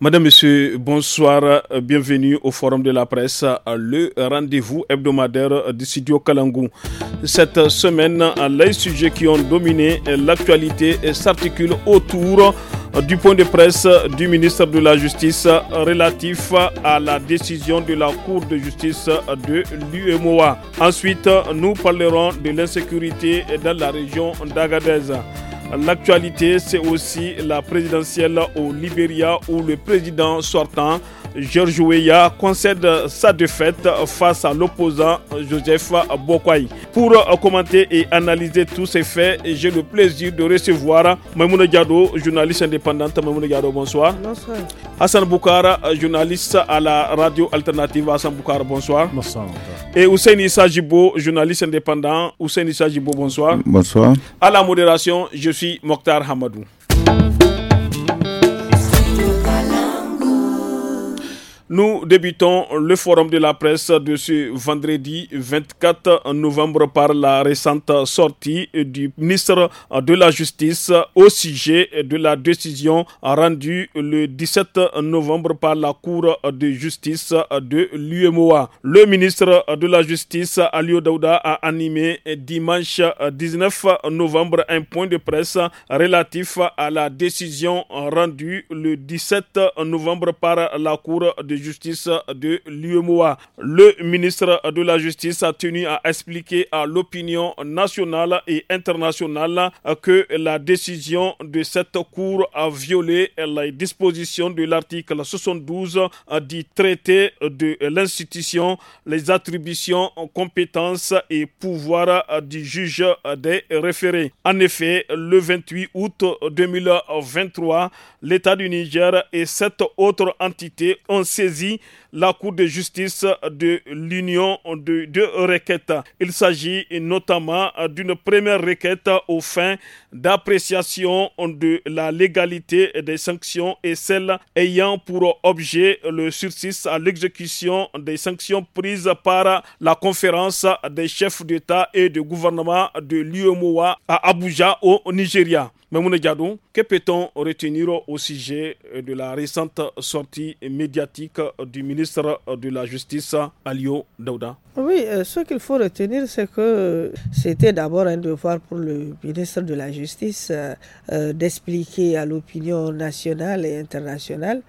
Madame, Monsieur, bonsoir. Euh, bienvenue au Forum de la presse, euh, le rendez-vous hebdomadaire euh, du studio Kalangou. Cette semaine, les sujets qui ont dominé l'actualité s'articulent autour du point de presse du ministre de la Justice relatif à la décision de la Cour de justice de l'UMOA. Ensuite, nous parlerons de l'insécurité dans la région d'Agadez. L'actualité, c'est aussi la présidentielle au Libéria où le président sortant Georges Weya concède sa défaite face à l'opposant Joseph Bokwai. Pour euh, commenter et analyser tous ces faits, j'ai le plaisir de recevoir Maimouna Diado, journaliste indépendante. Maimouna Diado, bonsoir. Hassan Boukara, journaliste à la radio alternative. Hassan Boukara, bonsoir. Et Hussein Issa journaliste indépendant. Hussein Sajibo, bonsoir. Bonsoir. À la modération, je suis Mokhtar Hamadou. Nous débutons le forum de la presse de ce vendredi 24 novembre par la récente sortie du ministre de la Justice au sujet de la décision rendue le 17 novembre par la Cour de justice de l'UMOA. Le ministre de la Justice, Alio Daouda, a animé dimanche 19 novembre un point de presse relatif à la décision rendue le 17 novembre par la Cour de justice de l'UMOA. Le ministre de la Justice a tenu à expliquer à l'opinion nationale et internationale que la décision de cette Cour a violé les dispositions de l'article 72 du traité de l'institution, les attributions, compétences et pouvoirs du juge des référés. En effet, le 28 août 2023, l'État du Niger et sept autres entités ont saisi la Cour de justice de l'Union de requêtes. Il s'agit notamment d'une première requête aux fins d'appréciation de la légalité des sanctions et celle ayant pour objet le sursis à l'exécution des sanctions prises par la conférence des chefs d'État et de gouvernement de l'UMOA à Abuja au Nigeria. Mamoune Diadou, que peut-on retenir au sujet de la récente sortie médiatique du ministre de la Justice, Alio Daouda Oui, euh, ce qu'il faut retenir, c'est que euh, c'était d'abord un devoir pour le ministre de la Justice euh, d'expliquer à l'opinion nationale et internationale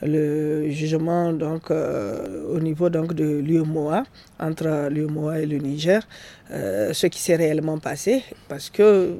le jugement donc, au niveau donc, de l'UMOA, entre l'UMOA et le Niger. Euh, ce qui s'est réellement passé. Parce que,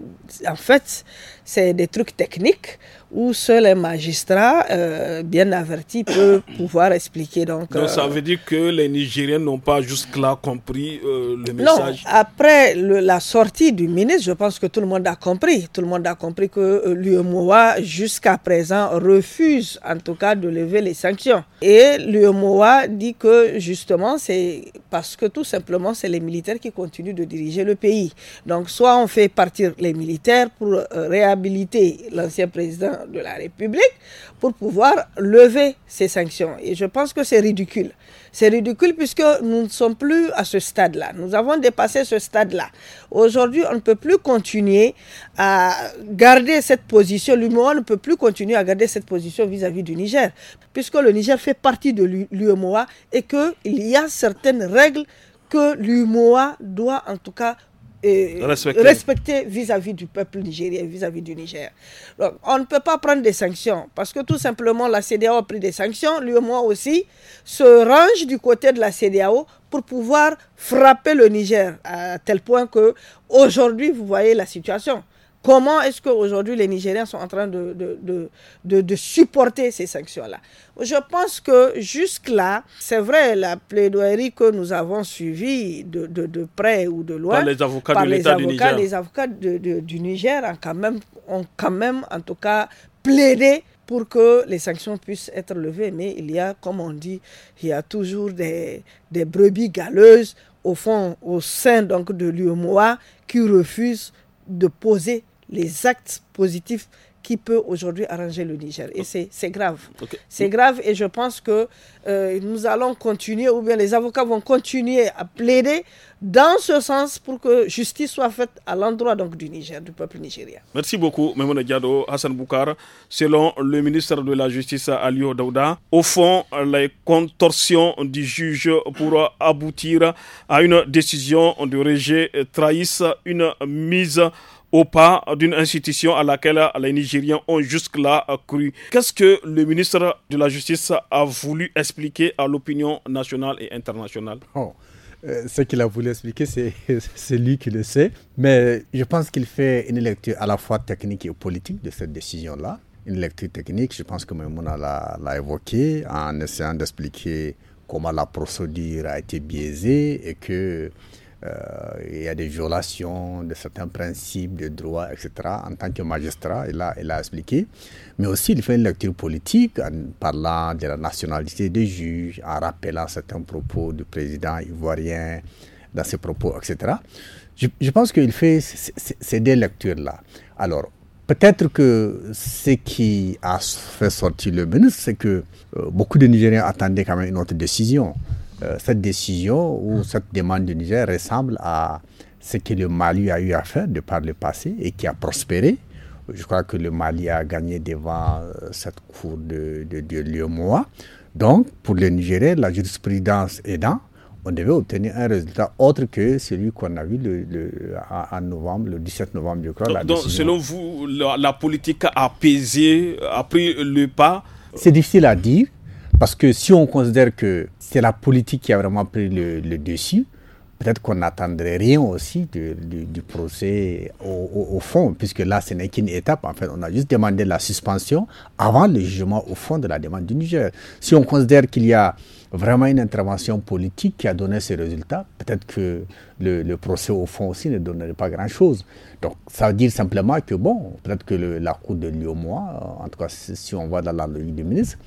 en fait, c'est des trucs techniques où seuls les magistrats euh, bien avertis peuvent pouvoir expliquer. Donc, ça euh, veut dire que les Nigériens n'ont pas jusque-là compris le message Non, après la sortie du ministre, je pense que tout le monde a compris. Tout le monde a compris que l'UMOA, jusqu'à présent, refuse en tout cas de lever les sanctions. Et l'UMOA dit que justement, c'est parce que tout simplement, c'est les militaires qui continuent diriger le pays. Donc soit on fait partir les militaires pour euh, réhabiliter l'ancien président de la République pour pouvoir lever ces sanctions. Et je pense que c'est ridicule. C'est ridicule puisque nous ne sommes plus à ce stade-là. Nous avons dépassé ce stade-là. Aujourd'hui, on ne peut plus continuer à garder cette position. L'UMOA ne peut plus continuer à garder cette position vis-à-vis du Niger, puisque le Niger fait partie de l'UMOA et qu'il y a certaines règles que l'UMOA doit en tout cas euh, respecter vis-à-vis du peuple nigérien, vis-à-vis du Niger. on ne peut pas prendre des sanctions parce que tout simplement la CDAO a pris des sanctions, l'UMOA aussi se range du côté de la CDAO pour pouvoir frapper le Niger à tel point que aujourd'hui vous voyez la situation. Comment est-ce qu'aujourd'hui les Nigériens sont en train de, de, supporter ces sanctions-là Je pense que jusque-là, c'est vrai, la plaidoirie que nous avons suivie de, près ou de loin, par les avocats, les, du Niger. les avocats ont quand, même, ont quand même, en tout cas, plaidé pour que les sanctions puissent être levées. Mais il y a, comme on dit, il y a toujours des, des brebis galeuses au fond, au sein donc de l'UMOA qui refusent de poser les actes positifs qui peut aujourd'hui arranger le Niger. Et ah. c'est grave. C'est grave et je pense que euh, nous allons continuer, ou bien les avocats vont continuer à plaider dans ce sens pour que justice soit faite à l'endroit du Niger, du peuple nigérien. Merci beaucoup, Mme Diado, Hassan Boukar. Selon le ministre de la Justice, Alio Daouda, au fond, les contorsions du juge pour aboutir à une décision de rejet trahissent une mise au pas d'une institution à laquelle les Nigériens ont jusque-là cru. Qu'est-ce que le ministre de la Justice a voulu expliquer à l'opinion nationale et internationale oh, euh, ce qu'il a voulu expliquer, c'est lui qui le sait. Mais je pense qu'il fait une lecture à la fois technique et politique de cette décision-là. Une lecture technique, je pense que Mouna l'a évoqué en essayant d'expliquer comment la procédure a été biaisée et que euh, il y a des violations de certains principes de droit, etc. En tant que magistrat, il a, il a expliqué. Mais aussi, il fait une lecture politique en parlant de la nationalité des juges, en rappelant certains propos du président ivoirien dans ses propos, etc. Je, pense qu'il fait ces deux lectures-là. Alors, peut-être que ce qui a fait sortir le ministre, c'est que euh, beaucoup de Nigériens attendaient quand même une autre décision. Euh, cette décision ou hmm. cette demande du Niger ressemble à ce que le Mali a eu à faire de par le passé et qui a prospéré. Je crois que le Mali a gagné devant euh, cette cour de, de, de Donc, pour le Niger, la jurisprudence aidant, on devait obtenir un résultat autre que celui qu'on a vu le, en novembre, le 17 novembre, je crois. Donc, selon vous, la, la, politique apaisée a pris le pas C'est difficile à dire. Parce que si on considère que c'est la politique qui a vraiment pris le, dessus, peut-être qu'on n'attendrait rien aussi du, procès au, fond, puisque là, ce n'est qu'une étape. En fait, on a juste demandé la suspension avant le jugement au fond de la demande du Niger. Si on considère qu'il y a vraiment une intervention politique qui a donné ces résultats, peut-être que le, procès au fond aussi ne donnerait pas grand-chose. Donc, ça veut dire simplement que, bon, peut-être que la Cour de Lyon, moi, en tout cas, si on voit dans la logique du ministre,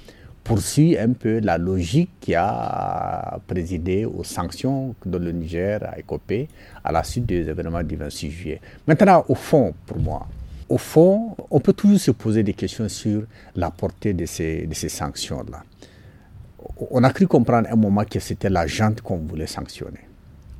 poursuit un peu la logique qui a présidé aux sanctions dont le Niger a écopé à la suite des événements du 26 juillet. Maintenant, au fond, pour moi, au fond, on peut toujours se poser des questions sur la portée de ces, de ces sanctions-là. On a cru comprendre à un moment que c'était la jante qu'on voulait sanctionner.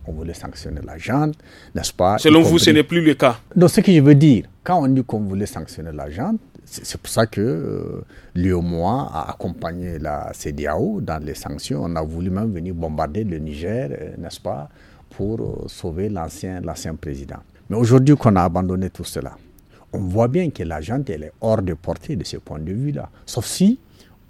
On voulait sanctionner la jante, n'est-ce pas Selon vous, ce n'est plus le cas. Donc, ce que je veux dire, quand on dit qu'on voulait sanctionner la jante, c'est pour ça que euh, l'UOMOA a accompagné la CDAO dans les sanctions. On a voulu même venir bombarder le Niger, euh, n'est-ce pas, pour euh, sauver l'ancien président. Mais aujourd'hui qu'on a abandonné tout cela, on voit bien que la gente, est hors de portée de ce point de vue-là. Sauf si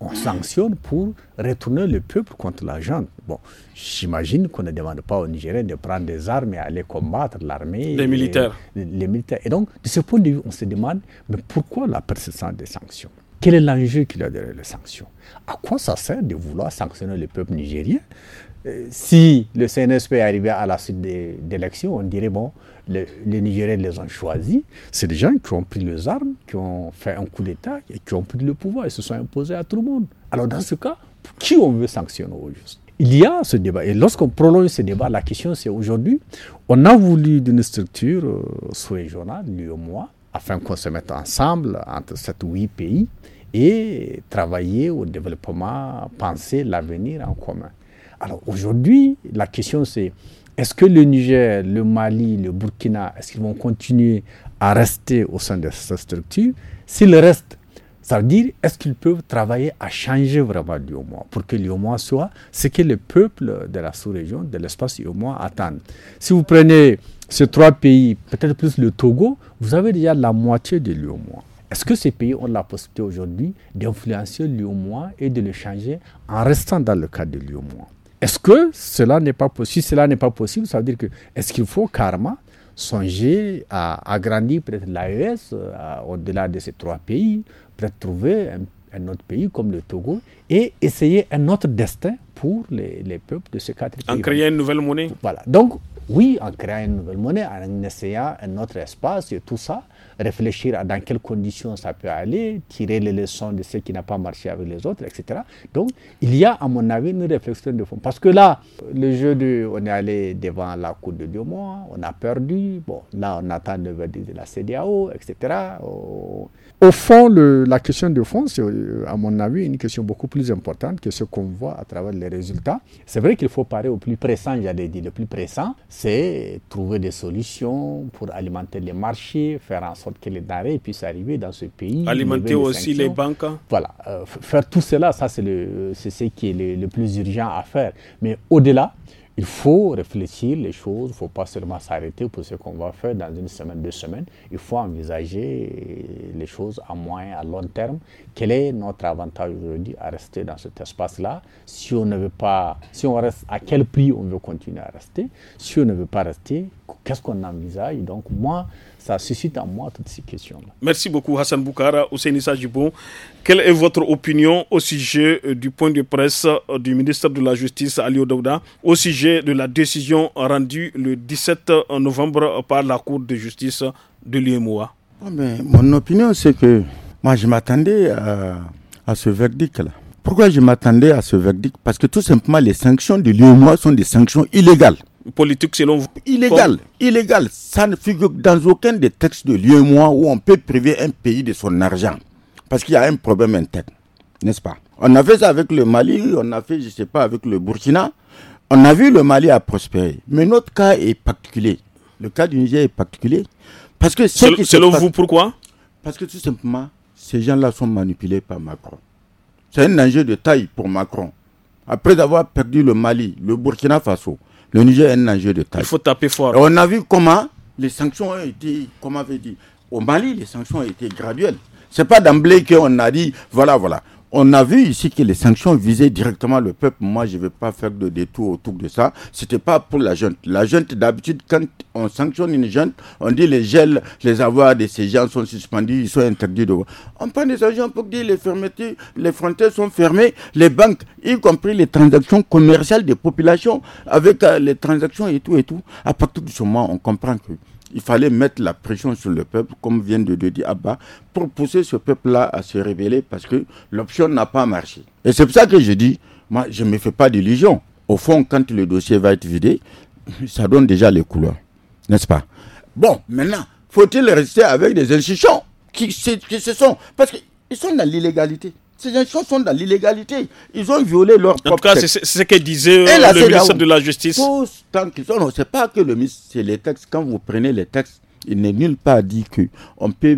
on sanctionne pour retourner le peuple contre la Bon, j'imagine qu'on ne demande pas aux Nigériens de prendre des armes et aller combattre l'armée. Les militaires. Les, militaires. Et donc, de ce point de vue, on se demande, mais pourquoi la persistance des sanctions Quel est l'enjeu qu'il y a derrière les sanctions À quoi ça sert de vouloir sanctionner le peuple nigérien euh, Si le CNSP est arrivé à la suite élections, on dirait, bon, les, Nigériens les ont choisis, c'est des gens qui ont pris les armes, qui ont fait un coup d'État et qui ont pris le pouvoir et se sont imposés à tout le monde. Alors dans ce cas, qui on veut sanctionner au juste il y a ce débat. Et lorsqu'on prolonge ce débat, la question c'est aujourd'hui, on a voulu d'une structure, euh, sous régionale lui au moi, afin qu'on se mette ensemble entre ou huit pays et travailler au développement, penser l'avenir en commun. Alors aujourd'hui, la question c'est est-ce que le Niger, le Mali, le Burkina, est-ce qu'ils vont continuer à rester au sein de cette structure S'ils restent, ça veut dire, est-ce qu'ils peuvent travailler à changer vraiment l'IOMOA pour que l'IOMOA soit ce que le peuple de la sous-région, de l'espace IOMOA attend Si vous prenez ces trois pays, peut-être plus le Togo, vous avez déjà la moitié de l'IOMOA. Est-ce que ces pays ont la possibilité aujourd'hui d'influencer l'IOMOA et de le changer en restant dans le cadre de l'IOMOA est-ce que cela n'est pas possible Si cela n'est pas possible, ça veut dire que est-ce qu'il faut karma, songer à agrandir peut-être l'AES euh, au-delà de ces trois pays, peut-être trouver un, autre pays comme le Togo et essayer un autre destin pour les, peuples de ces quatre pays. En créant une nouvelle monnaie Voilà. Donc, oui, en créant une nouvelle monnaie, en essayant un autre espace et tout ça réfléchir à dans quelles conditions ça peut aller, tirer les leçons de ce qui n'a pas marché avec les autres, etc. Donc, il y a, à mon avis, une réflexion de fond. Parce que là, le jeu de, on est allé devant la Cour de deux mois, on a perdu, bon, là, on attend le verdict de la CDAO, etc au fond, la question de fond, c'est euh, à mon avis une question beaucoup plus importante que ce qu'on voit à travers les résultats. C'est vrai qu'il faut parler au plus pressant, j'allais dire. Le plus pressant, c'est trouver des solutions pour alimenter les marchés, faire en sorte que les denrées puissent arriver dans ce pays. Alimenter aussi les banques. Voilà. Euh, faire tout cela, ça c'est ce qui est le plus urgent à faire. Mais au-delà, il faut réfléchir les choses, il ne faut pas seulement s'arrêter pour ce qu'on va faire dans une semaine, deux semaines. Il faut envisager les choses à moyen, à long terme. Quel est notre avantage aujourd'hui à rester dans cet espace-là Si on ne veut pas, si on reste, à quel prix on veut continuer à rester Si on ne veut pas rester, qu'est-ce qu'on envisage Donc moi, ça suscite en moi toutes ces questions-là. Merci beaucoup Hassan Boukara, Nissa Djibou. Quelle est votre opinion au sujet euh, du point de presse euh, du ministre de la Justice Alio Daouda au sujet de la décision rendue le 17 euh, novembre par la Cour de justice de l'UMOA ah, Mon opinion c'est que moi je m'attendais à, à, ce verdict-là. Pourquoi je m'attendais à ce verdict Parce que tout simplement les sanctions de l'UMOA sont des sanctions illégales politique selon vous Illégal, illégal. Ça ne figure dans aucun des textes de Moi où on peut priver un pays de son argent. Parce qu'il y a un problème interne, n'est-ce pas On a fait ça avec le Mali, on a fait, je ne sais pas, avec le Burkina. On a vu le Mali a prospéré. Mais notre cas est particulier. Le cas du Niger est particulier. Parce que selon vous, pourquoi Parce que tout simplement, ces gens-là sont manipulés par Macron. C'est un enjeu de taille pour Macron. Après avoir perdu le Mali, le Burkina Faso, le Niger est un enjeu de taille. Il faut taper fort. on a vu comment les sanctions ont été, comment avait dit, au Mali, les sanctions ont été graduelles. Ce n'est pas d'emblée qu'on a dit, voilà, voilà. On a vu ici que les sanctions visaient directement le peuple. Moi, je ne vais pas faire de détour autour de ça. Ce n'était pas pour la junte. La junte, d'habitude, quand on sanctionne une junte, on dit les gels, les avoirs de ces gens sont suspendus, ils sont interdits de On prend des agents pour dire les fermetures, les frontières sont fermées, les banques, y compris les transactions commerciales des populations, avec euh, les transactions et tout et tout. À partir de ce moment, on comprend que il fallait mettre la pression sur le peuple, comme vient de le dire Abba, pour pousser ce peuple-là à se révéler parce que l'option n'a pas marché. Et c'est pour ça que je dis, moi, je ne me fais pas d'illusion Au fond, quand le dossier va être vidé, ça donne déjà les couleurs, n'est-ce pas Bon, maintenant, faut-il rester avec des institutions qui, qui se sont Parce qu'ils sont dans l'illégalité. Ces gens sont dans l'illégalité. Ils ont violé leur En tout cas, c'est ce que disait euh, le ministre de la Justice. tant qu'ils on ne pas que le ministre, c'est les textes. Quand vous prenez les textes, il n'est nulle part dit qu'on peut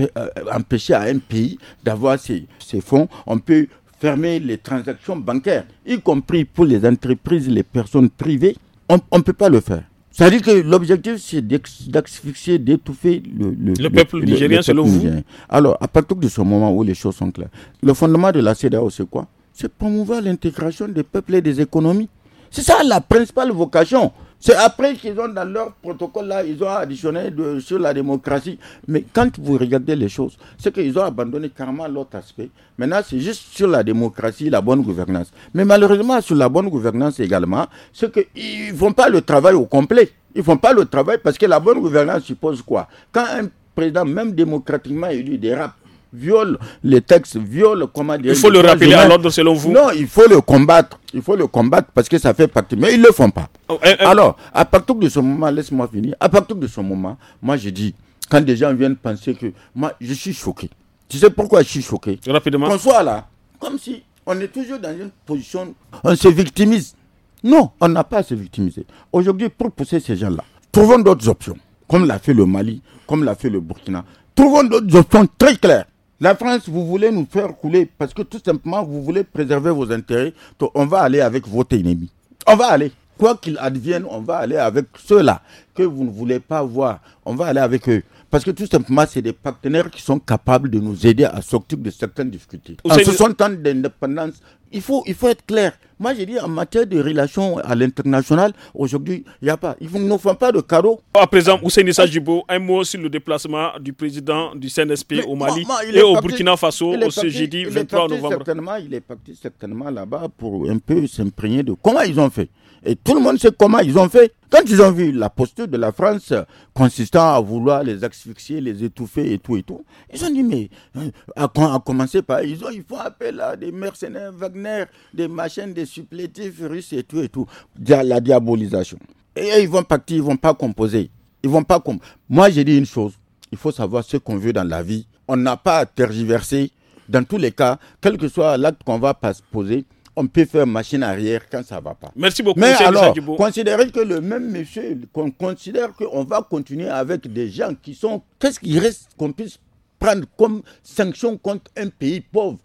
euh, empêcher à un pays d'avoir ses fonds. On peut fermer les transactions bancaires, y compris pour les entreprises, les personnes privées. On ne peut pas le faire. Ça veut dire que l'objectif, c'est d'asphyxier, d'étouffer le, le, le, peuple nigérien, selon vous Alors, à partir de ce moment où les choses sont claires, le fondement de la CdaO c'est quoi C'est promouvoir l'intégration des peuples et des économies. C'est ça la principale vocation. C'est après qu'ils ont dans leur protocole là, ils ont additionné sur la démocratie. Mais quand vous regardez les choses, c'est qu'ils ont abandonné carrément l'autre aspect. Maintenant, c'est juste sur la démocratie, la bonne gouvernance. Mais malheureusement, sur la bonne gouvernance également, c'est qu'ils ne font pas le travail au complet. Ils ne font pas le travail parce que la bonne gouvernance suppose quoi Quand un président, même démocratiquement élu, dérape, viole les textes, viole comment dire. Il faut le rappeler à l'ordre selon vous. Non, il faut le combattre. Il faut le combattre parce que ça fait partie. Mais ils ne le font pas. Oh, eh, eh. Alors, à partir de ce moment, laisse-moi finir. À partir de ce moment, moi je dis, quand des gens viennent penser que. Moi, je suis choqué. Tu sais pourquoi je suis choqué Rapidement. Qu'on soit là, comme si on est toujours dans une position. On se victimise. Non, on n'a pas à se victimiser. Aujourd'hui, pour pousser ces gens-là, trouvons d'autres options. Comme l'a fait le Mali, comme l'a fait le Burkina. Trouvons d'autres options très claires la France, vous voulez nous faire couler parce que tout simplement, vous voulez préserver vos intérêts. Donc on va aller avec votre ennemi. On va aller. Quoi qu'il advienne, on va aller avec ceux-là que vous ne voulez pas voir. On va aller avec eux. Parce que tout simplement, c'est des partenaires qui sont capables de nous aider à sortir de certaines difficultés. En 60 ans d'indépendance, il faut, il faut être clair. Moi, j'ai dit en matière de relations à l'international, aujourd'hui, il n'y a pas. Ils ne font pas de cadeaux. À ah, présent, Ousseini Sajibo, un mot sur le déplacement du président du CNSP au Mali et au Burkina Faso ce jeudi 23 novembre. il est parti certainement là-bas pour un peu s'imprégner de comment ils ont fait. Et tout le monde sait comment ils ont fait. Quand ils ont vu la posture de la France consistant à vouloir les asphyxier, les étouffer et tout et tout, ils ont dit mais euh, à, a commencer par ils ont il font appel à des mercenaires Wagner, des machines, des supplétifs russes et tout et tout, la diabolisation. Et ils vont partir, ils vont pas composer, ils vont pas Moi j'ai dit une chose, il faut savoir ce qu'on veut dans la vie. On n'a pas à tergiverser. Dans tous les cas, quel que soit l'acte qu'on va poser, on peut faire machine arrière quand ça ne va pas. Merci beaucoup, Mais alors, considérez que le même monsieur, qu'on considère qu'on va continuer avec des gens qui sont. Qu'est-ce qu'il reste qu'on puisse prendre comme sanction contre un pays pauvre.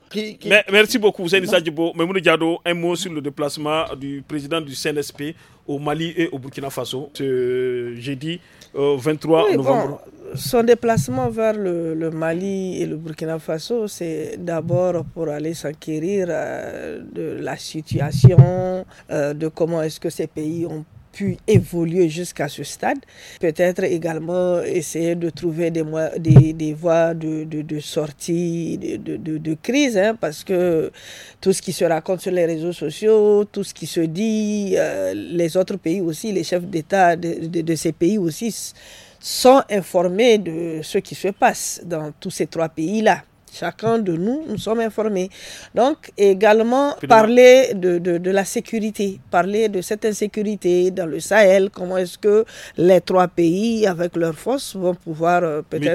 Mais, merci beaucoup, Zéni Sadjibo. Memoun Diado, un mot sur le déplacement du président du CNSP au Mali et au Burkina Faso ce jeudi 23 euh, novembre. son déplacement vers le, Mali et le Burkina Faso, c'est d'abord pour aller s'enquérir euh, de la situation, euh, de comment est-ce que ces pays ont pu évoluer jusqu'à ce stade. Peut-être également essayer de trouver des, des, des voies de, de, sortie de, de crise, hein, parce que tout ce qui se raconte sur les réseaux sociaux, tout ce qui se dit, euh, les autres pays aussi, les chefs d'État de ces pays aussi sont informés de ce qui se passe dans tous ces trois pays-là. Chacun de nous, nous sommes informés. Donc, également, parler de, la sécurité, parler de cette insécurité dans le Sahel, comment est-ce que les trois pays, avec leurs forces, vont pouvoir euh, peut-être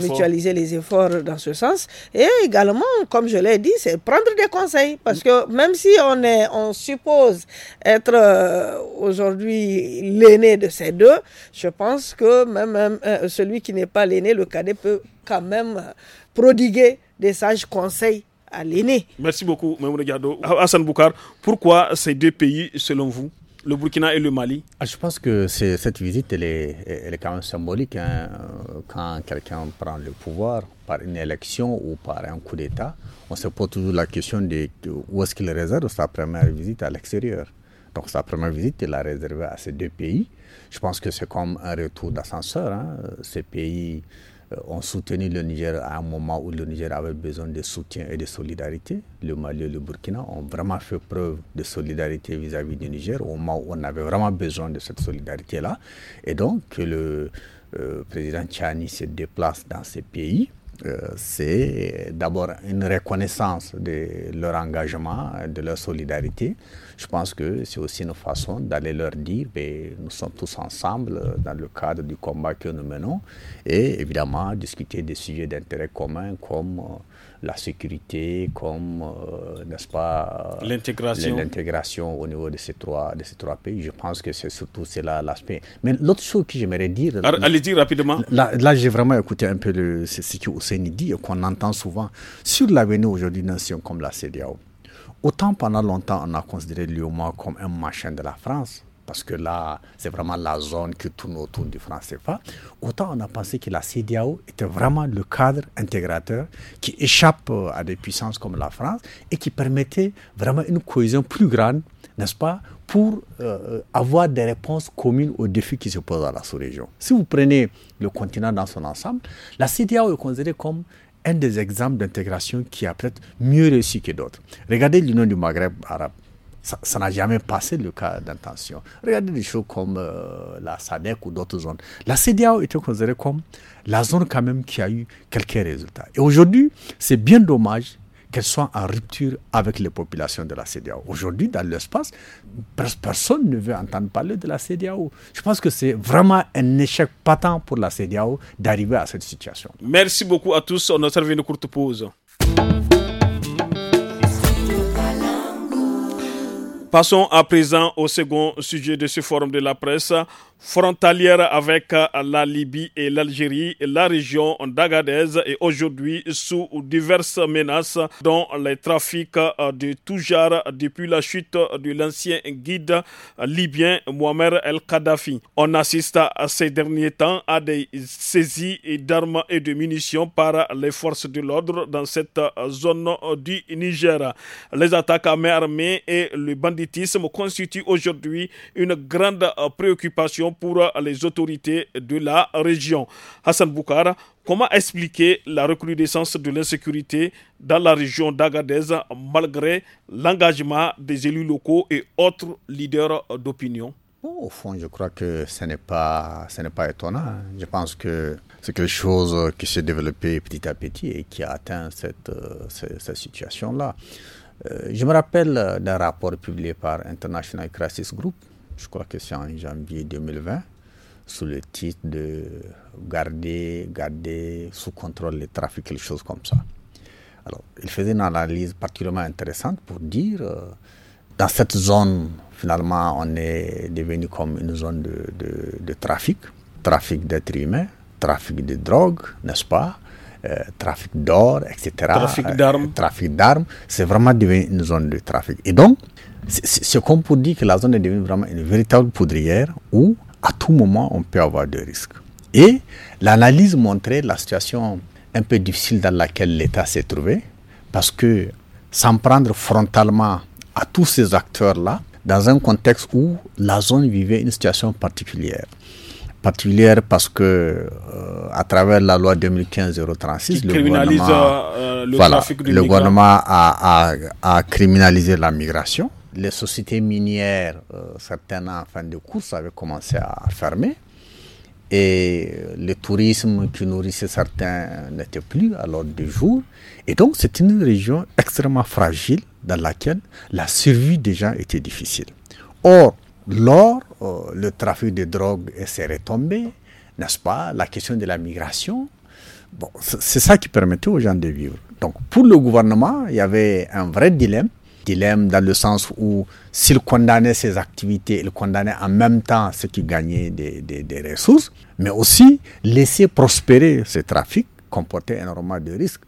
mutualiser, les efforts dans ce sens. Et également, comme je l'ai dit, c'est prendre des conseils. Parce que même si on, est, on suppose être euh, aujourd'hui l'aîné de ces deux, je pense que même, euh, celui qui n'est pas l'aîné, le cadet peut quand même prodiguer des sages conseils à l'aîné. Merci beaucoup, Mme Régardo. Hassan Boukar, pourquoi ces deux pays, selon vous, le Burkina et le Mali ah, Je pense que cette visite, elle est, elle est quand même symbolique. Hein. Quand quelqu'un prend le pouvoir par une élection ou par un coup d'État, on se pose toujours la question de où est-ce qu'il réserve sa première visite à l'extérieur. Donc sa première visite, il l'a réservée à ces deux pays. Je pense que c'est comme un retour d'ascenseur. Hein. Ces pays euh, ont soutenu le Niger à un moment où le Niger avait besoin de soutien et de solidarité. Le Mali et le Burkina ont vraiment fait preuve de solidarité vis-à-vis du Niger au moment où on avait vraiment besoin de cette solidarité-là. Et donc, le euh, président Tchani se déplace dans ces pays euh, c'est d'abord une reconnaissance de leur engagement, de leur solidarité. Je pense que c'est aussi une façon d'aller leur dire que ben, nous sommes tous ensemble dans le cadre du combat que nous menons et évidemment discuter des sujets d'intérêt commun comme euh, la sécurité, comme, euh, n'est-ce pas, euh, l'intégration. l'intégration au niveau de ces, trois, de ces trois pays. Je pense que c'est surtout cela l'aspect. Mais l'autre chose que j'aimerais dire... Ah, allez-y rapidement. Là, j'ai vraiment écouté un peu ce que dit qu'on entend souvent sur l'avenir aujourd'hui d'une nation comme la CDAO. Autant pendant longtemps, on a considéré l'UOMA comme un machin de la France parce que là, c'est vraiment la zone qui tourne autour du franc CFA, autant on a pensé que la CDAO était vraiment le cadre intégrateur qui échappe euh, à des puissances comme la France et qui permettait vraiment une cohésion plus grande, n'est-ce pas, pour euh, euh, avoir des réponses communes aux défis qui se posent dans la sous-région. Si vous prenez le continent dans son ensemble, la CDAO est considérée comme un des exemples d'intégration qui a peut-être mieux réussi que d'autres. Regardez l'Union du Maghreb arabe. Ça n'a jamais passé le cas d'intention. Regardez des choses comme euh, la SADEC ou d'autres zones. La CDAO était considérée comme la zone quand même qui a eu quelques résultats. Et aujourd'hui, c'est bien dommage qu'elle soit en rupture avec les populations de la CDAO. Aujourd'hui, dans l'espace, personne ne veut entendre parler de la CDAO. Je pense que c'est vraiment un échec patent pour la CDAO d'arriver à cette situation. Merci beaucoup à tous. On observe une courte pause. Passons à présent au second sujet de ce forum de la presse frontalière avec euh, la Libye et l'Algérie, la région d'Agadez est aujourd'hui sous diverses menaces, dont les trafics euh, de tout genre depuis la chute de l'ancien guide libyen Muammar el-Kadhafi. On assiste à ces derniers temps à des saisies d'armes et de munitions par les forces de l'ordre dans cette euh, zone du Niger. Les attaques à main armée et le banditisme constituent aujourd'hui une grande préoccupation pour les autorités de la région. Hassan Boukara, comment expliquer la recrudescence de l'insécurité dans la région d'Agadez malgré l'engagement des élus locaux et autres leaders d'opinion au fond, je crois que ce n'est pas, étonnant. Hein. Je pense que c'est quelque chose qui s'est développé petit à petit et qui a atteint cette situation-là. Euh, je me rappelle d'un rapport publié par International Crisis Group je crois que c'est en janvier 2020, sous le titre de garder, garder sous contrôle les trafics, quelque chose comme ça. Alors, il faisait une analyse particulièrement intéressante pour dire, euh, dans cette zone, finalement, on est devenu comme une zone de, trafic, trafic d'êtres humains, trafic de drogue, n'est-ce pas euh, trafic d'or, etc. Trafic d'armes. Euh, trafic d'armes. C'est vraiment devenu une zone de trafic. Et donc, c'est comme pour dire que la zone est devenue vraiment une véritable poudrière où à tout moment on peut avoir des risques. Et l'analyse montrait la situation un peu difficile dans laquelle l'État s'est trouvé parce que s'en prendre frontalement à tous ces acteurs-là dans un contexte où la zone vivait une situation particulière particulière parce que euh, à travers la loi 2015-036, le gouvernement, euh, a, a, criminalisé la migration les sociétés minières, euh, certaines en fin de course, avaient commencé à fermer. Et euh, le tourisme qui nourrissait certains n'était plus à l'ordre du jour. Et donc, c'est une région extrêmement fragile dans laquelle la survie des gens était difficile. Or, lors, euh, le trafic de drogue s'est retombé, n'est-ce pas La question de la migration, c'est ça qui permettait aux gens de vivre. Donc, pour le gouvernement, il y avait un vrai dilemme dilemme dans le sens où s'il condamnait ses activités, il condamnait en même temps ceux qui gagnaient des, des ressources, mais aussi laisser prospérer ce trafic comportait énormément de risques.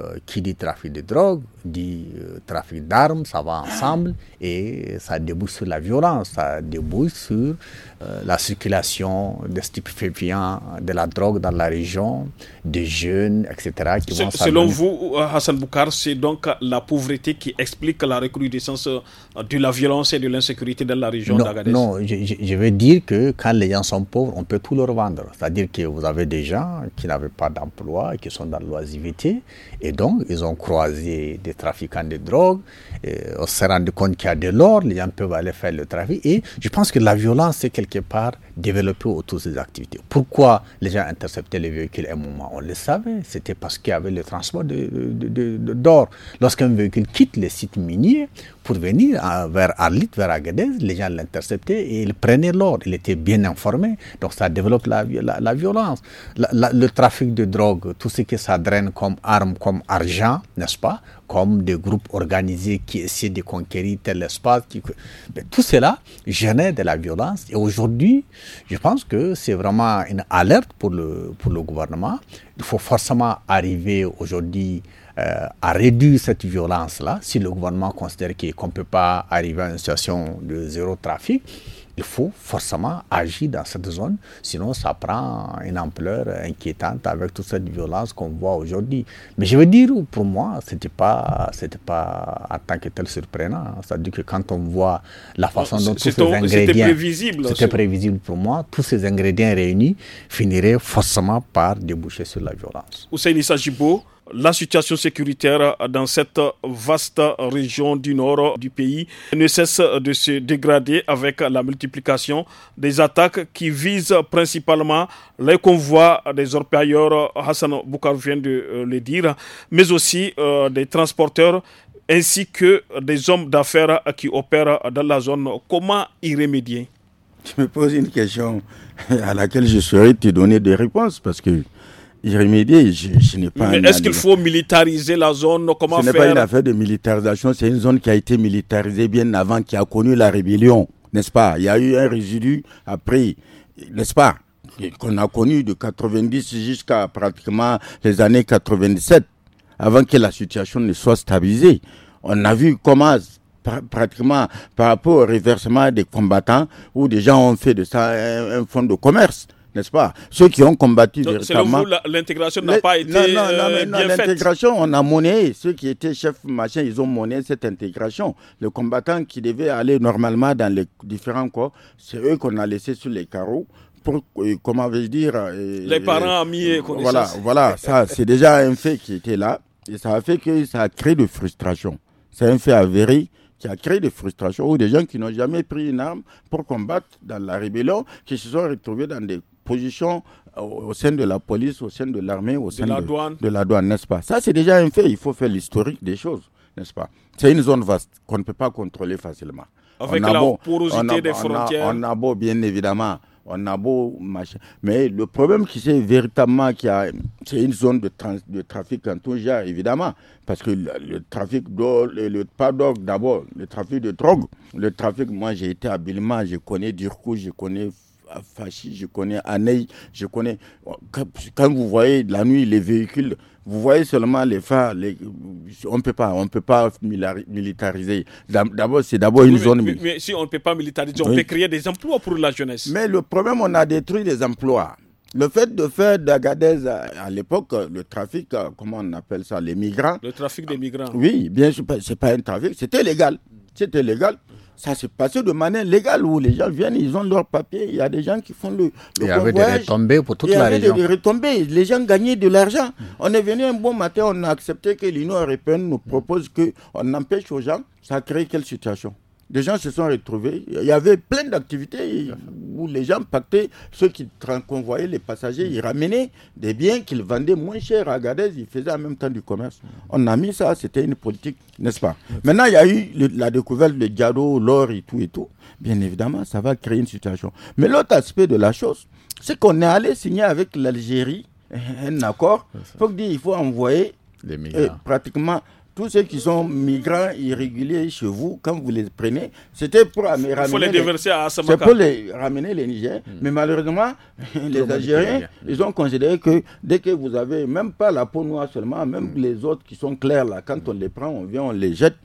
Euh, qui dit trafic de drogue, dit euh, trafic d'armes, ça va ensemble et ça débouche sur la violence, ça débouche sur euh, la circulation des stupéfiants, de la drogue dans la région, des jeunes, etc. selon vous, Hassan Boukar, c'est donc la pauvreté qui explique la recrudescence de la violence et de l'insécurité dans la région d'Agadez Non, non je, je, veux dire que quand les gens sont pauvres, on peut tout leur vendre. C'est-à-dire que vous avez des gens qui n'avaient pas d'emploi, qui sont dans l'oisiveté et donc, ils ont croisé des trafiquants de drogue. on s'est rendu compte qu'il y a de l'or, les gens peuvent aller faire le trafic. Et je pense que la violence, c'est quelque part développer autour de ces activités. Pourquoi les gens interceptaient les véhicules à un moment On le savait, c'était parce qu'il y avait le transport d'or. De, de, Lorsqu'un véhicule quitte les sites miniers pour venir vers Arlit, vers Agadez, les gens l'interceptaient et ils prenaient l'or. Ils étaient bien informés, donc ça développe la, la, violence. le trafic de drogue, tout ce que ça draine comme arme, comme argent, n'est-ce pas comme des groupes organisés qui essaient de conquérir tel espace. Qui... tout cela génère de la violence. Et aujourd'hui, je pense que c'est vraiment une alerte pour le, pour le gouvernement. Il faut forcément arriver aujourd'hui euh, à réduire cette violence-là si le gouvernement considère qu'on ne peut pas arriver à une situation de zéro trafic il faut forcément agir dans cette zone, sinon ça prend une ampleur inquiétante avec toute cette violence qu'on voit aujourd'hui. Mais je veux dire, pour moi, ce n'était pas, c'était pas en tant que tel surprenant. C'est-à-dire que quand on voit la façon dont tous ces ingrédients... C'était prévisible. C'était hein, prévisible pour moi. Tous ces ingrédients réunis finiraient forcément par déboucher sur la violence. Hussein Issa Djibo la situation sécuritaire dans cette vaste région du nord du pays ne cesse de se dégrader avec la multiplication des attaques qui visent principalement les convois des orpailleurs, Hassan Boukar vient de euh, le dire, mais aussi euh, des transporteurs ainsi que des hommes d'affaires qui opèrent dans la zone. Comment y remédier Tu me poses une question à laquelle je de te donner des réponses parce que Jérémie Je, n'ai pas. Mais est-ce qu'il faut militariser la zone Comment Ce faire Ce n'est pas une affaire de militarisation. C'est une zone qui a été militarisée bien avant, qui a connu la rébellion, n'est-ce pas Il y a eu un résidu après, n'est-ce pas Qu'on a connu de 90 jusqu'à pratiquement les années 97, avant que la situation ne soit stabilisée. On a vu comment pratiquement par rapport au réversement des combattants, où des gens ont fait de ça un, un fonds de commerce n'est-ce pas Ceux qui ont combattu Donc, véritablement. l'intégration n'a pas été non, euh, non, non, L'intégration, on a monnayé. Ceux qui étaient chefs machin, ils ont monnayé cette intégration. Le combattant qui devait aller normalement dans les différents corps, c'est eux qu'on a laissés sur les carreaux pour, euh, comment vais-je dire euh, Les parents, amis et Voilà, voilà, ça, c'est déjà un fait qui était là. Et ça a fait que ça a créé de frustration. C'est un fait avéré qui a créé de frustration. ou des gens qui n'ont jamais pris une arme pour combattre dans la rébellion, qui se sont retrouvés dans des position euh, au sein de la police, au sein de l'armée, au sein de la douane, de la douane, n'est-ce pas Ça, c'est déjà un fait. Il faut faire l'historique des choses, n'est-ce pas C'est une zone vaste qu'on ne peut pas contrôler facilement. Avec la porosité des frontières. on a beau, bien évidemment, on a beau machin. Mais le problème qui c'est véritablement qu'il a, c'est une zone de, de trafic en tout genre, évidemment. Parce que le, trafic d'or, le, pas d'or d'abord, le trafic de drogue, le trafic, moi j'ai été habilement, je connais Dirkou, je connais Fachi, je connais Anei, je connais. Quand vous voyez la nuit les véhicules, vous voyez seulement les phares. On ne peut pas, on peut pas militariser. D'abord, c'est d'abord une zone. Mais, si on ne peut pas militariser, on peut créer des emplois pour la jeunesse. Mais le problème, on a détruit des emplois. Le fait de faire d'Agadez à, l'époque le trafic, euh, comment on appelle ça, les migrants. Le trafic des migrants. Oui, bien sûr, c'est pas un trafic, c'était légal. C'était légal ça s'est passé de manière légale où les gens viennent, ils ont leurs papiers, il y a des gens qui font le, le Il y avait des retombées pour toute la région. Il y avait des retombées, les gens gagnaient de l'argent. On est venu un bon matin, on a accepté que l'Union européenne nous propose qu'on empêche aux gens, ça crée quelle situation des gens se sont retrouvés. Il y avait plein d'activités où les gens pactaient, ceux qui convoyaient les passagers, ils ramenaient des biens qu'ils vendaient moins cher à Gadez. ils faisaient en même temps du commerce. On a mis ça, c'était une politique, n'est-ce pas Maintenant, il y a eu la découverte de gado, l'or et tout et tout. Bien évidemment, ça va créer une situation. Mais l'autre aspect de la chose, c'est qu'on est allé signer avec l'Algérie un accord. Il faut dire, il faut envoyer euh, pratiquement tous ceux qui sont migrants irréguliers chez vous, quand vous les prenez, c'était pour ramener. les déverser à C'est pour les ramener les Nigériens, hmm. Mais malheureusement, les Algériens, ils ont considéré que dès que vous avez, même pas la peau noire seulement, même hmm. les autres qui sont clairs là, quand hmm. on les prend, on vient, on les jette,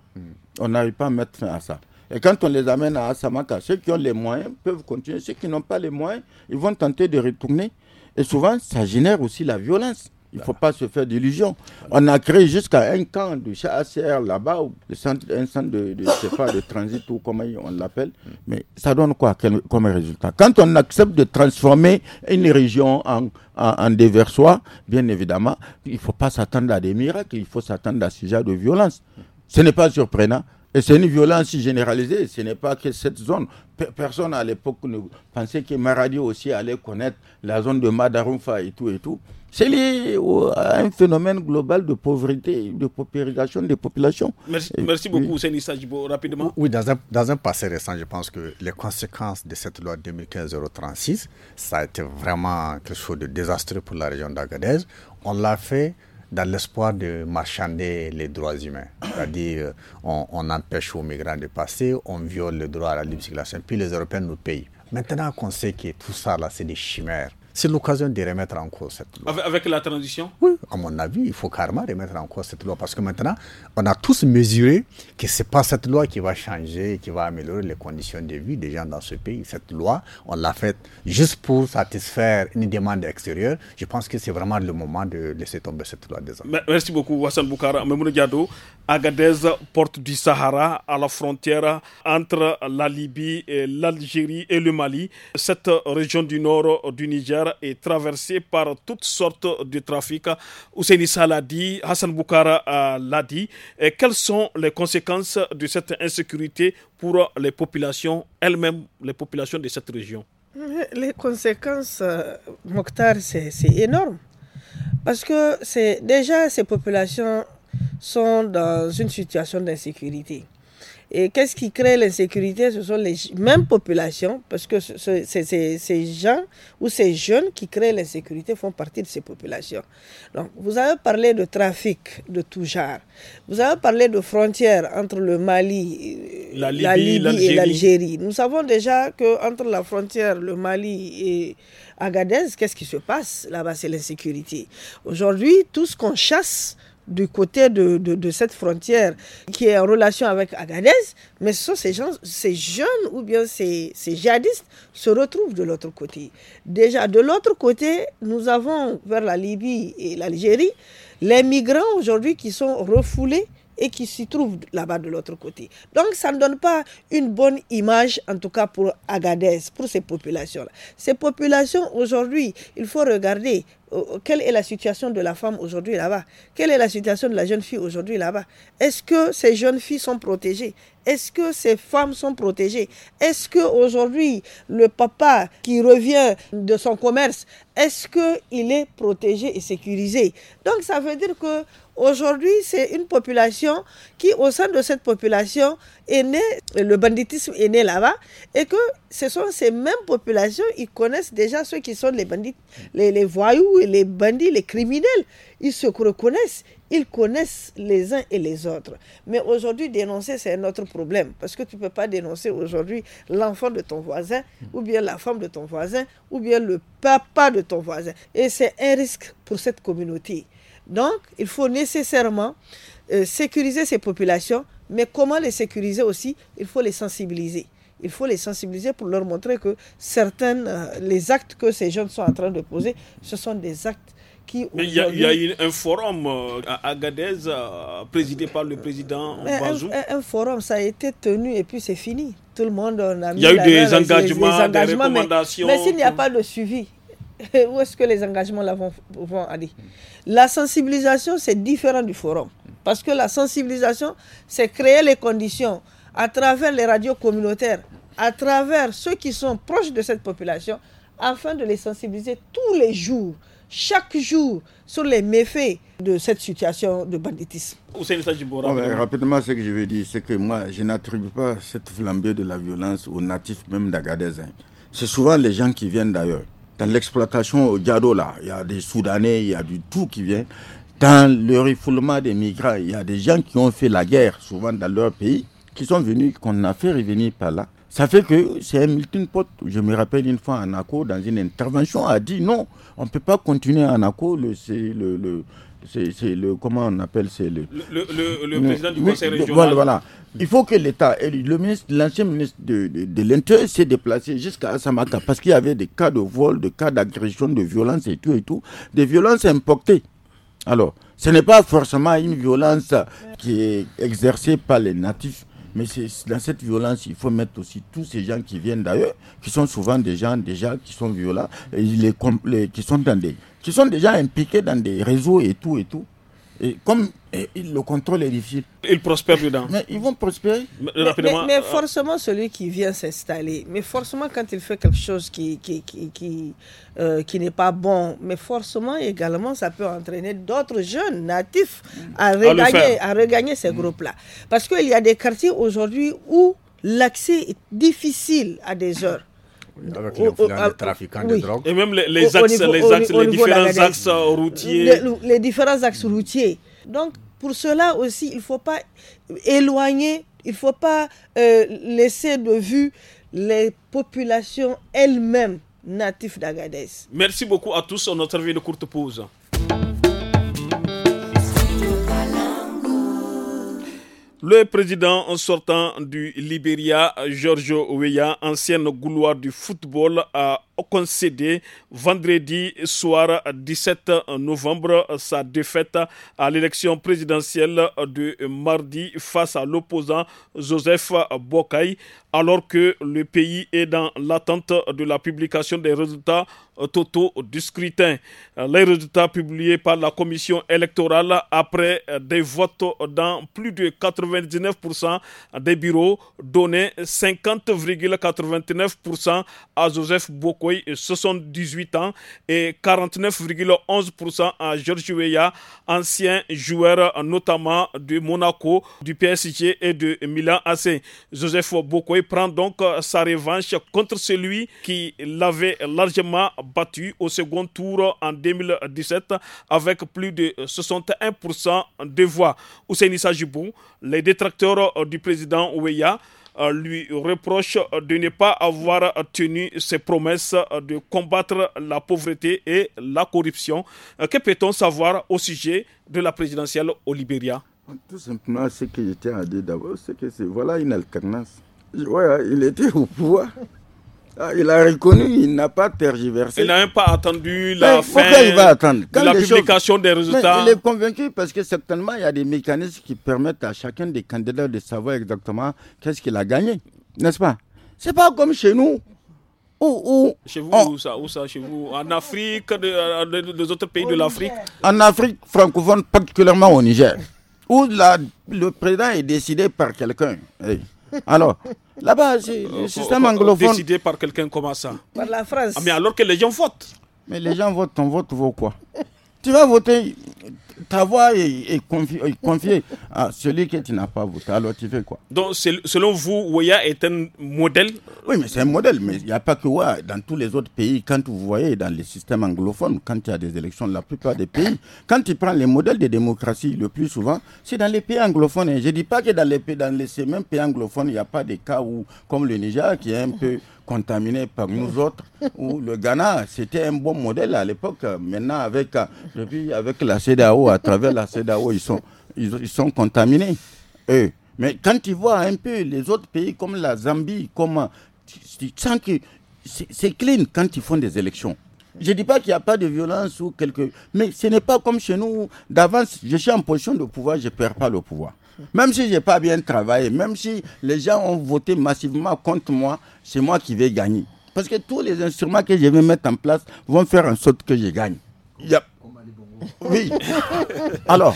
on n'arrive pas à mettre fin à ça. Et quand on les amène à Assamaka, ceux qui ont les moyens peuvent continuer. Ceux qui n'ont pas les moyens, ils vont tenter de retourner. Et souvent, ça génère aussi la violence. Il ne faut pas se faire d'illusions. On a créé jusqu'à un camp de CACR là-bas, un centre de, transit ou comment on l'appelle. Mais ça donne quoi comme résultat Quand on accepte de transformer une région en, en, en déversoir, bien évidemment, il ne faut pas s'attendre à des miracles, il faut s'attendre à ce genre de violence. Ce n'est pas surprenant. Et c'est une violence généralisée, ce n'est pas que cette zone. Personne à l'époque ne pensait que Maradi aussi allait connaître la zone de Madarumfa et tout et tout. C'est lié à un phénomène global de pauvreté, de paupérisation des populations. Merci, merci beaucoup, oui. Sénissa Rapidement. Oui, dans un, dans un, passé récent, je pense que les conséquences de cette loi 2015-036, ça a été vraiment quelque chose de désastreux pour la région d'Agadez. On l'a fait dans l'espoir de marchander les droits humains. C'est-à-dire, on, empêche aux migrants de passer, on viole le droit à la libre circulation, puis les Européens nous payent. Maintenant qu'on sait que tout ça, là, c'est des chimères, c'est l'occasion de remettre en cause cette loi. Avec, la transition Oui, à mon avis, il faut carrément remettre en cause cette loi parce que maintenant, on a tous mesuré que ce n'est pas cette loi qui va changer, qui va améliorer les conditions de vie des gens dans ce pays. Cette loi, on l'a faite juste pour satisfaire une demande extérieure. Je pense que c'est vraiment le moment de laisser tomber cette loi désormais. Merci beaucoup, Wassan Boukara. Memoun Diado, Agadez, porte du Sahara, à la frontière entre la Libye, l'Algérie et le Mali. Cette région du nord du Niger et est traversé par toutes sortes de trafics. Issa l'a dit, Hassan Boukara euh, l'a dit. quelles sont les conséquences de cette insécurité pour les populations elles-mêmes, les populations de cette région Les conséquences, euh, Mokhtar, c'est énorme. Parce que déjà, ces populations sont dans une situation d'insécurité. Et qu'est-ce qui crée l'insécurité Ce sont les mêmes populations, parce que ces, gens ou ces jeunes qui créent l'insécurité font partie de ces populations. Donc, vous avez parlé de trafic de tout genre. Vous avez parlé de frontières entre le Mali, euh, la Libye, et l'Algérie. Nous savons déjà que entre la frontière, le Mali et Agadez, qu'est-ce qui se passe Là-bas, c'est l'insécurité. Aujourd'hui, tout ce qu'on chasse, du côté de, de, cette frontière qui est en relation avec Agadez, mais ce sont ces gens, ces jeunes ou bien ces, ces djihadistes se retrouvent de l'autre côté. Déjà, de l'autre côté, nous avons vers la Libye et l'Algérie les migrants aujourd'hui qui sont refoulés et qui s'y trouvent là-bas de l'autre côté. Donc ça ne donne pas une bonne image, en tout cas pour Agadez, pour ces populations-là. Ces populations aujourd'hui, il faut regarder euh, euh, quelle est la situation de la femme aujourd'hui là-bas Quelle est la situation de la jeune fille aujourd'hui là-bas Est-ce que ces jeunes filles sont protégées Est-ce que ces femmes sont protégées Est-ce que aujourd'hui le papa qui revient de son commerce, est-ce que il est protégé et sécurisé Donc ça veut dire que aujourd'hui, c'est une population qui au sein de cette population est né le banditisme est né là-bas et que ce sont ces mêmes populations, ils connaissent déjà ceux qui sont les bandits, les, les voyous les bandits, les criminels, ils se reconnaissent, ils connaissent les uns et les autres. Mais aujourd'hui, dénoncer, c'est un autre problème, parce que tu ne peux pas dénoncer aujourd'hui l'enfant de ton voisin, ou bien la femme de ton voisin, ou bien le papa de ton voisin. Et c'est un risque pour cette communauté. Donc, il faut nécessairement euh, sécuriser ces populations, mais comment les sécuriser aussi Il faut les sensibiliser il faut les sensibiliser pour leur montrer que certaines, euh, les actes que ces jeunes sont en train de poser, ce sont des actes qui... il y, a eu un forum euh, à Agadez euh, présidé par le président Bazou. Un, forum, ça a été tenu et puis c'est fini. Tout le monde a mis... Il y a eu des engagements, des, recommandations. Mais, s'il n'y a pas de suivi, où est-ce que les engagements vont aller La sensibilisation, c'est différent du forum. Parce que la sensibilisation, c'est créer les conditions à travers les radios communautaires, à travers ceux qui sont proches de cette population, afin de les sensibiliser tous les jours, chaque jour, sur les méfaits de cette situation de banditisme. rapidement, ce que je veux dire, c'est que moi, je n'attribue pas cette flambée de la violence aux natifs même d'Agadez. Hein. C'est souvent les gens qui viennent d'ailleurs. Dans l'exploitation au Diado, là, il y a des Soudanais, il y a du tout qui vient. Dans le refoulement des migrants, il y a des gens qui ont fait la guerre, souvent dans leur pays, qui sont venus, qu'on a fait revenir par là. Ça fait que c'est un melting pot. Je me rappelle une fois, Anako, dans une intervention, a dit non, on ne peut pas continuer Anako, le, c'est le, c'est le comment on appelle c'est le le, président du conseil régional voilà, voilà. il faut que l'État le ministre l'ancien ministre de, de, l'intérieur s'est déplacé jusqu'à Samaka, parce qu'il y avait des cas de vol des cas d'agression de violence et tout et tout des violences importées alors ce n'est pas forcément une violence qui est exercée par les natifs mais dans cette violence, il faut mettre aussi tous ces gens qui viennent d'ailleurs, qui sont souvent des gens déjà qui sont violents, et qui sont dans qui sont déjà impliqués dans des réseaux et tout et tout. Et comme et le contrôle est difficile. Ils prospèrent dedans. Mais ils vont prospérer. Mais, rapidement. Mais, euh, forcément, celui qui vient s'installer, mais forcément, quand il fait quelque chose qui, qui, qui, qui, euh, qui n'est pas bon, mais forcément, également, ça peut entraîner d'autres jeunes natifs mm. à regagner, à, regagner ces mm. groupes-là. Parce qu'il y a des quartiers aujourd'hui où l'accès est difficile à des mm. heures. Avec les trafiquants de drogue. Et même les, les axes, les, différents axes routiers. les différents axes routiers. Donc, pour cela aussi, il ne faut pas éloigner, il ne faut pas euh, laisser de vue les populations elles-mêmes natives d'Agadez. Merci beaucoup à tous. On a une courte pause. Le président en sortant du Libéria, Giorgio Weah, ancien gouloir du football, a concédé vendredi soir 17 novembre sa défaite à l'élection présidentielle de mardi face à l'opposant Joseph Bokai, alors que le pays est dans l'attente de la publication des résultats totaux du scrutin. Les résultats publiés par la commission électorale après des votes dans plus de 99% des bureaux donnaient 50,89% à Joseph Bokai 78 ans, et 49,11% à Georges Weah, ancien joueur notamment de Monaco, du PSG et de Milan AC. Joseph Bokoye prend donc sa revanche contre celui qui l'avait largement battu au second tour en 2017 avec plus de 61% de voix. Ousseini Djibou, les détracteurs du président Weya euh, lui reproche de ne pas avoir tenu ses promesses de combattre la pauvreté et la corruption. Euh, que peut-on savoir au sujet de la présidentielle au Libéria Tout simplement, ce que j'étais à dire d'abord, c'est que voilà une alternance. il était au pouvoir. Ah, il a reconnu, il n'a pas tergiversé. Il n'a même pas attendu la fin de la publication des résultats. il est convaincu parce que certainement il y a des mécanismes qui permettent à chacun des candidats de savoir exactement qu'est-ce qu'il a gagné, n'est-ce pas C'est pas comme chez nous. chez vous, où ça, chez vous En Afrique, euh, autres pays de l'Afrique En Afrique francophone, particulièrement au Niger, où le président est décidé par quelqu'un. Alors, Là-bas, c'est euh, le euh, système euh, anglophone. Décidé par quelqu'un comme ça. Par la France. Ah, mais alors que les gens votent. Mais les gens votent, on vote vaut quoi Tu vas voter ta voix est, confiée, à celui que tu n'as pas voté. Alors tu fais quoi Donc selon vous, Ouya est un modèle Oui, mais c'est un modèle. Mais il n'y a pas que Ouya. Dans tous les autres pays, quand vous voyez dans les systèmes anglophones, quand il y a des élections, la plupart des pays, quand tu prends les modèles de démocratie le plus souvent, c'est dans les pays anglophones. je ne dis pas que dans les, pays, dans les mêmes pays anglophones, il n'y a pas des cas où, comme le Niger, qui est un peu contaminés par nous autres. Ou le Ghana, c'était un bon modèle à l'époque. Maintenant, avec, euh, avec la CEDAO, à travers la CEDAO, ils sont, ils, sont contaminés. Eux. Mais quand tu vois un peu les autres pays comme la Zambie, comme, tu, sens que c'est clean quand ils font des élections. Je ne dis pas qu'il n'y a pas de violence ou quelque. Mais ce n'est pas comme chez nous. D'avance, je suis en position de pouvoir, je ne perds pas le pouvoir. Même si je n'ai pas bien travaillé, même si les gens ont voté massivement contre moi, c'est moi qui vais gagner. Parce que tous les instruments que je vais mettre en place vont faire en sorte que je gagne. Oui. Alors,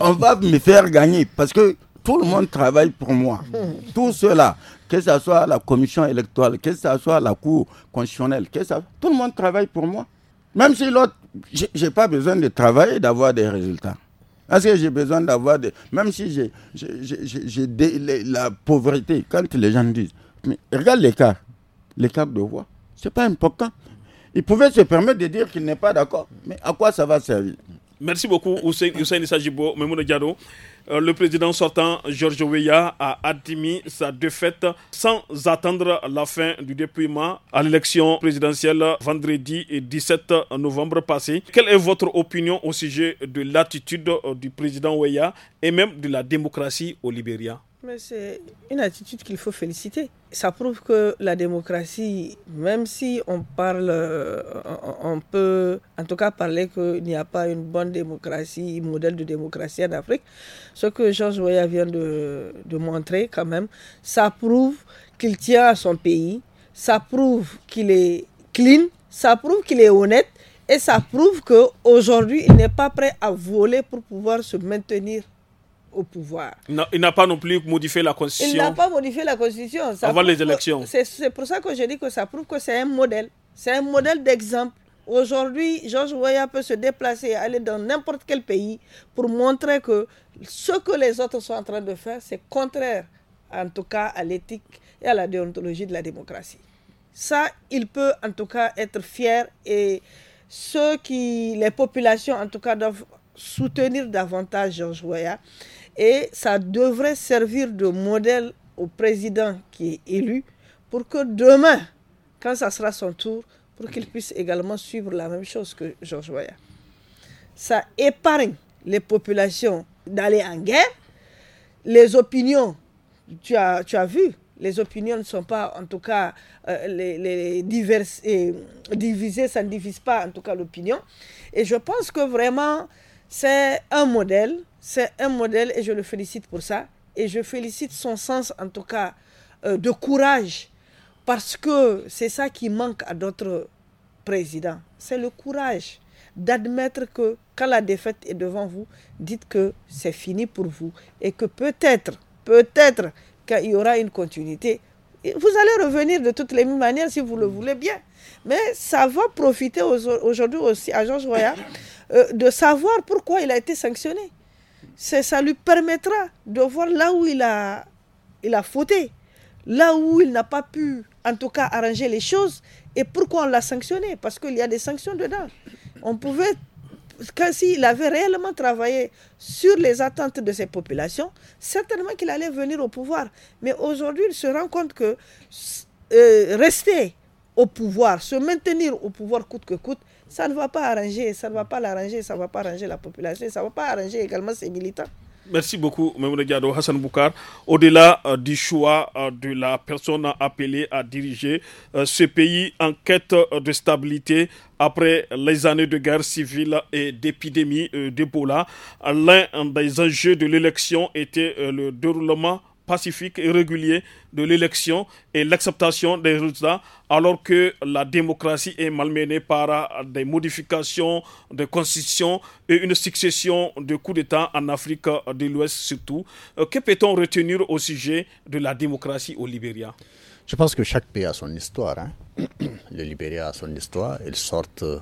on va me faire gagner parce que tout le monde travaille pour moi. Tout cela, que ce soit la commission électorale, que ce soit la cour constitutionnelle, que ça, tout le monde travaille pour moi. Même si l'autre, je n'ai pas besoin de travailler, d'avoir des résultats. Est-ce que j'ai besoin d'avoir des. Même si j'ai, la pauvreté, quand les gens disent, mais regarde l'écart, l'écart de voix, ce n'est pas important. Il pouvait se permettre de dire qu'il n'est pas d'accord, mais à quoi ça va servir Merci beaucoup, Hussein Sajibo, Memouna Diado. Euh, le président sortant Georges Weah a admis sa défaite sans attendre la fin du dépouillement à l'élection présidentielle vendredi 17 novembre passé. Quelle est votre opinion au sujet de l'attitude euh, du président Weah et même de la démocratie au Libéria mais c'est une attitude qu'il faut féliciter. Ça prouve que la démocratie, même si on parle, euh, on peut en tout cas parler qu'il n'y a pas une bonne démocratie, modèle de démocratie en Afrique, ce que Georges Voya vient de, de montrer quand même, ça prouve qu'il tient à son pays, ça prouve qu'il est clean, ça prouve qu'il est honnête et ça prouve qu'aujourd'hui, il n'est pas prêt à voler pour pouvoir se maintenir au pouvoir. Il n'a pas non plus modifié la constitution. Il n'a pas modifié la constitution. avant les élections. C'est pour ça que je dis que ça prouve que c'est un modèle. C'est un modèle d'exemple. Aujourd'hui, Georges Weah peut se déplacer, aller dans n'importe quel pays pour montrer que ce que les autres sont en train de faire, c'est contraire, en tout cas, à l'éthique et à la déontologie de la démocratie. Ça, il peut en tout cas être fier et ceux qui, les populations en tout cas, doivent soutenir davantage Georges Weah et ça devrait servir de modèle au président qui est élu pour que demain, quand ça sera son tour, pour qu'il puisse également suivre la même chose que Georges Voya. Ça épargne les populations d'aller en guerre. Les opinions, tu as, tu as vu, les opinions ne sont pas, en tout cas, euh, les, les diverses, et divisées, ça ne divise pas, en tout cas, l'opinion. Et je pense que vraiment, c'est un modèle c'est un modèle et je le félicite pour ça. Et je félicite son sens, en tout cas, euh, de courage. Parce que c'est ça qui manque à d'autres présidents. C'est le courage d'admettre que quand la défaite est devant vous, dites que c'est fini pour vous et que peut-être, peut-être qu'il y aura une continuité, vous allez revenir de toutes les manières si vous le voulez bien. Mais ça va profiter aujourd'hui aussi à Georges Roya euh, de savoir pourquoi il a été sanctionné ça lui permettra de voir là où il a, il a fauté, là où il n'a pas pu, en tout cas, arranger les choses et pourquoi on l'a sanctionné. Parce qu'il y a des sanctions dedans. On pouvait, quand s'il avait réellement travaillé sur les attentes de ses populations, certainement qu'il allait venir au pouvoir. Mais aujourd'hui, il se rend compte que euh, rester au pouvoir, se maintenir au pouvoir coûte que coûte, ça ne va pas arranger, ça ne va pas l'arranger, ça ne va pas arranger la population, ça ne va pas arranger également ses militants. Merci beaucoup, Mme Diado Hassan Boukar. Au-delà euh, du choix euh, de la personne appelée à diriger euh, ce pays en quête de stabilité après les années de guerre civile et d'épidémie d'Ebola, l'un des enjeux de l'élection était le déroulement pacifique et régulier de l'élection et l'acceptation des résultats, alors que la démocratie est malmenée par des modifications de constitution et une succession de coups d'État en Afrique de l'Ouest surtout. Euh, que peut-on retenir au sujet de la démocratie au Libéria Je pense que chaque pays a son histoire. Hein. Le Libéria a son histoire. sort sort euh,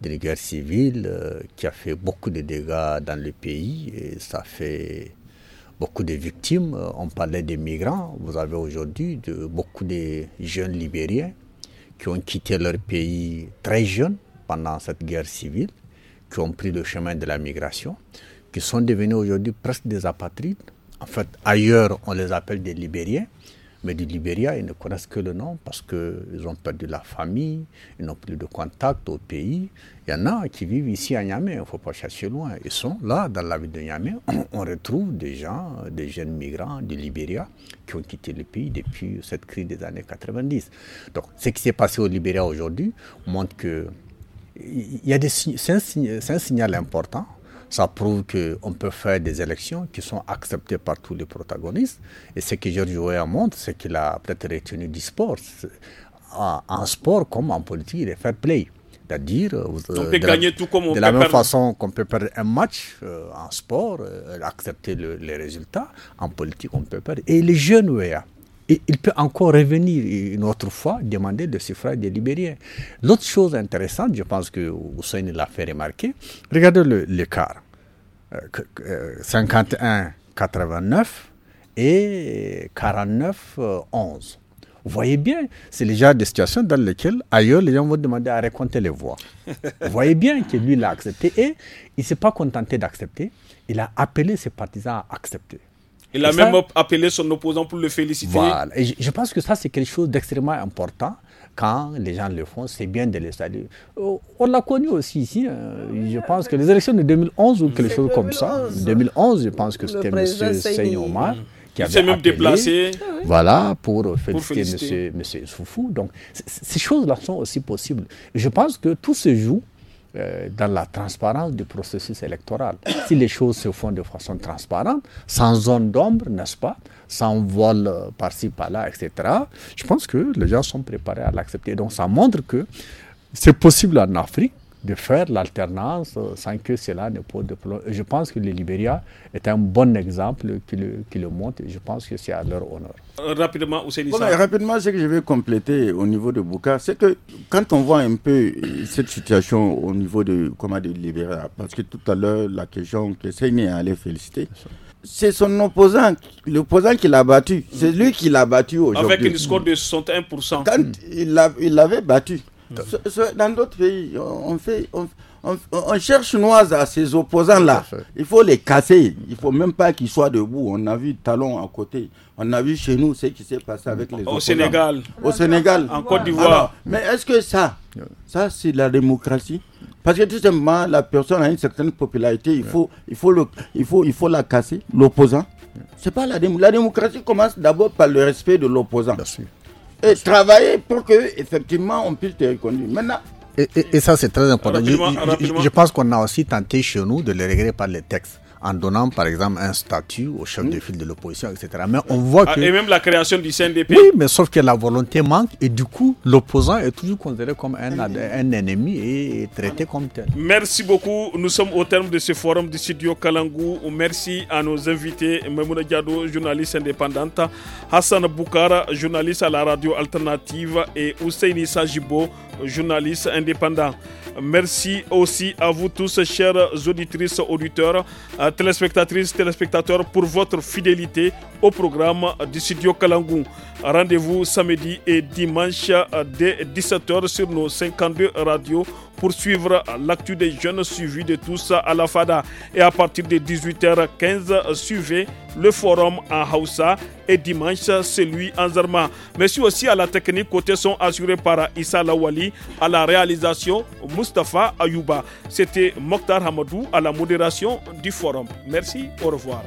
d'une guerre civile euh, qui a fait beaucoup de dégâts dans le pays et ça fait beaucoup de victimes. Euh, on parlait des migrants. Vous avez aujourd'hui beaucoup de jeunes libériens qui ont quitté leur pays très jeunes pendant cette guerre civile, qui ont pris le chemin de la migration, qui sont devenus aujourd'hui presque des apatrides. En fait, ailleurs, on les appelle des libériens. Mais du Libéria, ils ne connaissent que le nom parce qu'ils ont perdu la famille, ils n'ont plus de contact au pays. Il y en a qui vivent ici à Niamey, il ne faut pas chercher loin. Ils sont là, dans la ville de Niamey. On retrouve des gens, des jeunes migrants du Libéria qui ont quitté le pays depuis cette crise des années 90. Donc, ce qui s'est passé au Libéria aujourd'hui montre que c'est un, un signal important ça prouve qu'on peut faire des élections qui sont acceptées par tous les protagonistes. Et ce que Georges Weah montre, c'est qu'il a peut-être retenu du sport. En sport comme en politique, il est fair play. C'est-à-dire, euh, euh de, gagner la, tout comme on de la même façon qu'on peut perdre un match euh, en sport, euh, accepter les résultats, en politique on peut perdre. Et les jeunes OEA, et il peut encore revenir une autre fois demander le suffrage des libériens. L'autre chose intéressante, je pense que Hussein l'a fait remarquer, regardez l'écart. 51-89 euh, euh, et 49-11. Euh, Vous voyez bien, c'est le genre de situation dans laquelle ailleurs les gens vont demander à raconter les voix. Vous voyez bien que lui l'a accepté et il ne s'est pas contenté d'accepter, il a appelé ses partisans à accepter. Il a même appelé son opposant pour le féliciter. Voilà. Et je pense que ça, c'est quelque chose d'extrêmement important. Quand les gens le font, c'est bien de les saluer. Euh, on l'a connu aussi ici. Hein. Je pense que les élections de 2011 ou quelque chose comme ça. 2011, je pense que c'était M. Omar qui avait même déplacé. Ah voilà, pour, féliciter, M. Soufou. Donc, ces choses-là sont aussi possibles. Je pense que tout se joue euh, dans la transparence du processus électoral. Si les choses se font de façon transparente, sans zone d'ombre, n'est-ce pas, sans vol euh, par-ci, par-là, etc., je pense que les gens sont préparés à l'accepter. Donc ça montre que c'est possible en Afrique de faire l'alternance sans que cela ne pose de problème. Je pense que le Libéria est un bon exemple qui le, montre et je pense que c'est à leur honneur. Rapidement, Rapidement, ce que je vais compléter au niveau de Bouka, c'est que quand on voit un peu euh, cette situation au niveau de, comment, de Libéria, parce que tout à l'heure, la question que seigneur allait féliciter, c'est son opposant, l'opposant qui l'a battu. C'est mm. lui qui l'a battu aujourd'hui. Avec une score de 61%. Quand mm. il l'avait battu, Mmh. dans d'autres pays, on, fait, on, cherche noise à ses opposants-là. Il faut les casser. Il ne faut même pas qu'ils soient debout. On a vu Talon à côté. On a vu chez nous ce qui s'est passé avec les Au Sénégal. Au Sénégal. En Côte d'Ivoire. Mais est-ce que ça, ça c'est la démocratie parce que tout simplement, la personne a une certaine popularité, il faut, il faut, il faut, il faut la casser, l'opposant. C'est pas la, la démocratie commence d'abord par le respect de l'opposant et travailler pour que effectivement on puisse te reconnaître. Maintenant, et, ça c'est très important. je, je, pense qu'on a aussi tenté chez nous de le régler par les textes en donnant par exemple un statut au chef de hmm. file de l'opposition, etc. Mais on voit ah, que... Et même la création du CNDP. Oui, mais sauf que la volonté manque et du coup, l'opposant est toujours considéré comme un, hmm. un ennemi et traité comme tel. Merci beaucoup. Nous sommes au terme de ce forum du studio Kalangou. Merci à nos invités, Memouna Diado, journaliste indépendante, Hassan Boukara, journaliste à la radio alternative et Ousseini Sajibo, journaliste indépendant. Merci aussi à vous tous, chers auditrices, auditeurs téléspectatrices, téléspectateurs, pour votre fidélité au programme du studio Kalangou. Rendez-vous samedi et dimanche dès 17h sur nos 52 radios pour suivre l'actu des jeunes suivis de tous à la FADA. Et à partir de 18h15, suivez le forum en Hausa et dimanche celui en Zerma. Merci aussi à la technique côté sont assurés par Issa Lawali, à la réalisation Mustapha Ayouba. C'était Mokhtar Hamadou à la modération du forum. Merci, au revoir.